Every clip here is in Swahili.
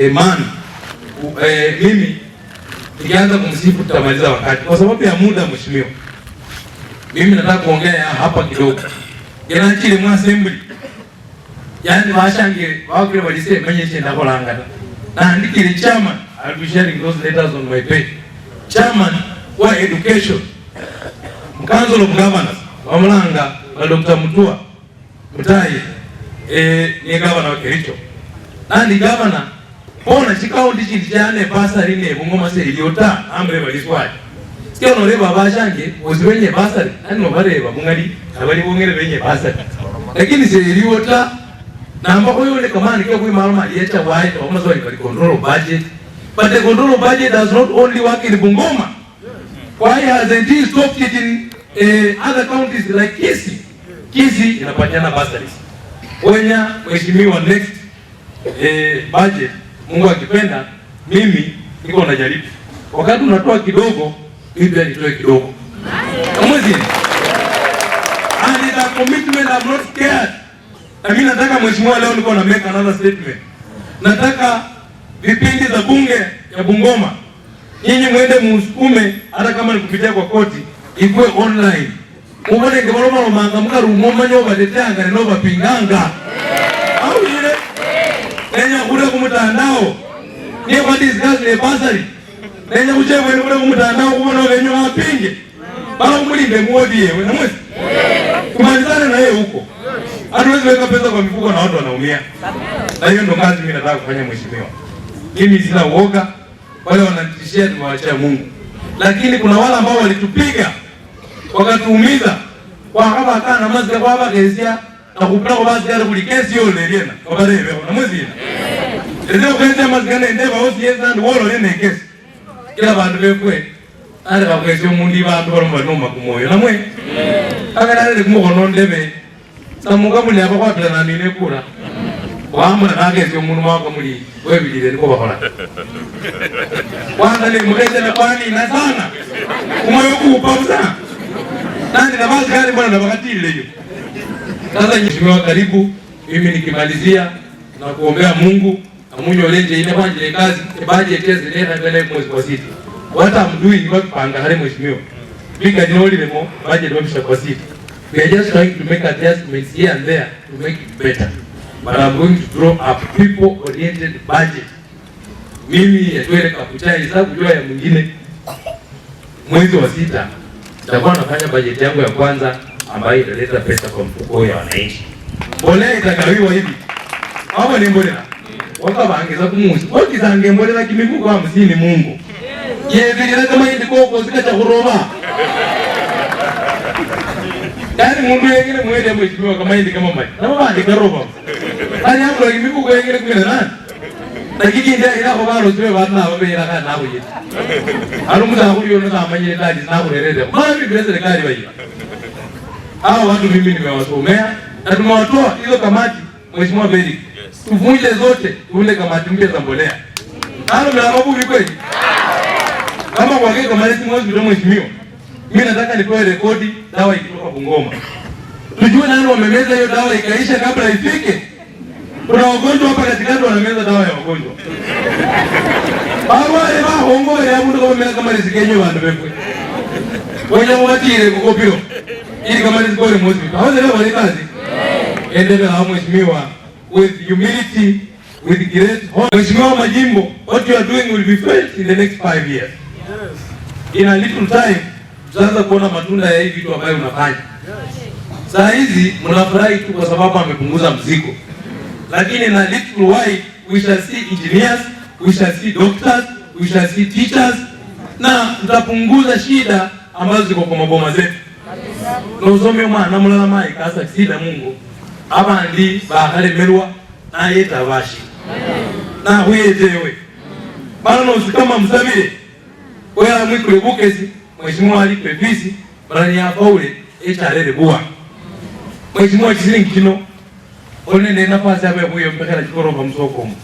imani eh, eh, mimi nikianza kumsifu tutamaliza wakati, kwa sababu ya muda. Mheshimiwa, mimi nataka kuongea hapa kidogo kinachile mwa assembly yani washange wakile walise menye chenda na naandikile chairman I'll be sharing those letters on my page chairman wa education council of governors wa Mlanga na Dr. Mutua Mutai eh ni gavana wa Kericho na ni gavana ona chikaondi chindi chane basa basari ne bungomase iliyota amre baliswaje sike onoreba bashange ozi basa basari ani obareba bungali abali bongere benye basari lakini se iliyota namba oyole kamani kyo kuimara mali yacha wai omazo ibali control budget but the control budget does not only work in Bungoma why hasn't he stopped it in uh, other counties like Kisii Kisii inapatiana basari Wenya mheshimiwa next eh, budget Mungu akipenda, mimi niko najaribu, wakati unatoa kidogo, Biblia nitoe kidogo mwezi and ah, it's a commitment I'm not scared. Na mimi nataka mheshimiwa, leo niko na make another statement. Nataka vipindi za bunge ya Bungoma nyinyi mwende musukume, hata kama ni kupitia kwa koti, ikwe online ubone ngebalomalomangamukarumomanya obatetanga nenobapinganga mtandao niko discuss ne basari nenye mwenye mwenye kumtandao kumono wenye wapinge bala kumulinde muodi yewe namwe kumalizane na ye huko atuwezi weka pesa kwa mifuko na watu wanaumia na hiyo ndo kazi mimi nataka kufanya mheshimiwa mimi sina uoga wale wanatishia tumewaachia Mungu lakini kuna wale ambao walitupiga wakatuumiza wakabakana kwa hapa kesia nakupira kwa basi yale kuli kesi yo leriena kwabarebe na ndio kwenye ese okwesya amazima ende bawosyesa ndi wola nenekesa kila bandu bekwe ale bakwesya omundu ibandu baloma balinoma kumwoyo namwe akanalele kumukhono ndebe na namuka muli aba khwapilana nine kula wamula nakesya omundu wako muli webilile niko bakhola kwanza nemukesya nakwanina sana kumoyo kuupa busa nani na na basikari mbona nabakatilileyo sasa nyeshimiwa karibu mimi nikimalizia na kuombea Mungu munyo lete ile banje kazi e budget ya zile na ndele mwezi kwa sita wata mdui ni wapi panga hale mheshimiwa bika ni oli lemo budget wapi kwa sita we are just trying to make adjustments here and there to make it better but i'm going to draw a people oriented budget mimi yatwele kapucha hesabu jua ya mwingine mwezi wa sita nitakuwa nafanya bajeti yangu ya kwanza ambayo italeta pesa kwa mfuko ya wananchi mbolea itagawiwa hivi hapo ni mbolea wakabangiza kumusi kumuzi okizanga kimiku kwa amusini mungu yevirira kamaindi kokozika chakuroba yani mundu yengene mwende amwechimiwa kamaindi kama mali nabo bandi karoba ani abula gimigugu yengene kumira nani nakikindi airako balosiwe banaba beiraka nakhuyeta ali omusakhuli ono samanyire dadi sinakhurerere bamibire serikali bayira awo watu mimi nimewasomea na tumewatoa hizo kamati mheshimiwa beriki tuvunje zote kule kamati mpya za mbolea. Hapo mna maburi kweli? Kama kwa kile kamati mwezi mdomo mheshimiwa. Mimi nataka nipewe rekodi dawa ikitoka Bungoma. Tujue nani wamemeza hiyo dawa ikaisha kabla ifike. Kuna wagonjwa hapa katikati wanameza dawa ya wagonjwa. Barwale ba hongo ya mtu kama meza kama risikenyo watu wewe. Wenye ile kukopio. Ili kama risiko ni mwezi. Hawezi leo wale kazi. Endelea mheshimiwa with humility, with great hope. Mheshimiwa Majimbo, what you are doing will be felt in the next five years. Yes. In a little time, tutaanza kuona matunda ya hii vitu ambayo unafanya. Yes. Saa hizi mnafurahi tu kwa sababu amepunguza mzigo. Lakini in a little while we shall see engineers, we shall see doctors, we shall see teachers na tutapunguza shida ambazo ziko kwa maboma zetu. Yes. Ndio usome mwana mlala mai kasa sida Mungu abandi bakalemerwa nayeta bashi nahwiyetewe maana nosikama msabile wela mwikule bukezi mheshimiwa alipe fisi barani yafaule echalele buwa mheshimiwa chilingi kino onene nafasi abe kuyo mpekela chikoroba msokomo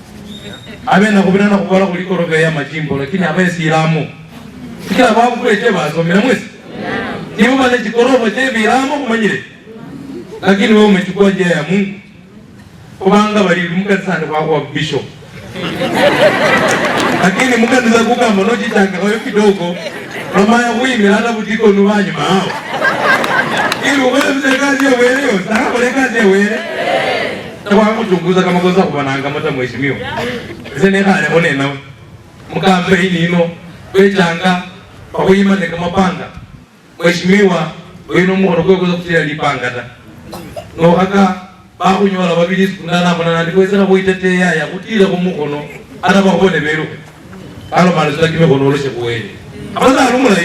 abe nakubinana kubola kulikoroba ya majimbo lakini abe silamu kila babu kule cheba asomela mwesi nimubaze chikoroba chebilamu kumanyire lakini wewe umechukua njia ya Mungu kubanga sana kwa kwa bishop lakini mukanisa kugamba nochitangakayo kidogo nomanya kuyimirana budikoni banyuma awo ili ukolemize kazi yeweleyo kwa kazi kama takwakuchunguza kamakosa kubananga mta mheshimiwa ise nekhalekho nenawe mukampeini ino kwechanga bakhuyimane mapanga mheshimiwa wino kwa kwekoza kutila lipanga ta no aka bakunyola babili kundanamwana nandikwezera kuiteteya yakutile kumukono anabakubone belu alomalesera kimikono oloshe kuwene amaza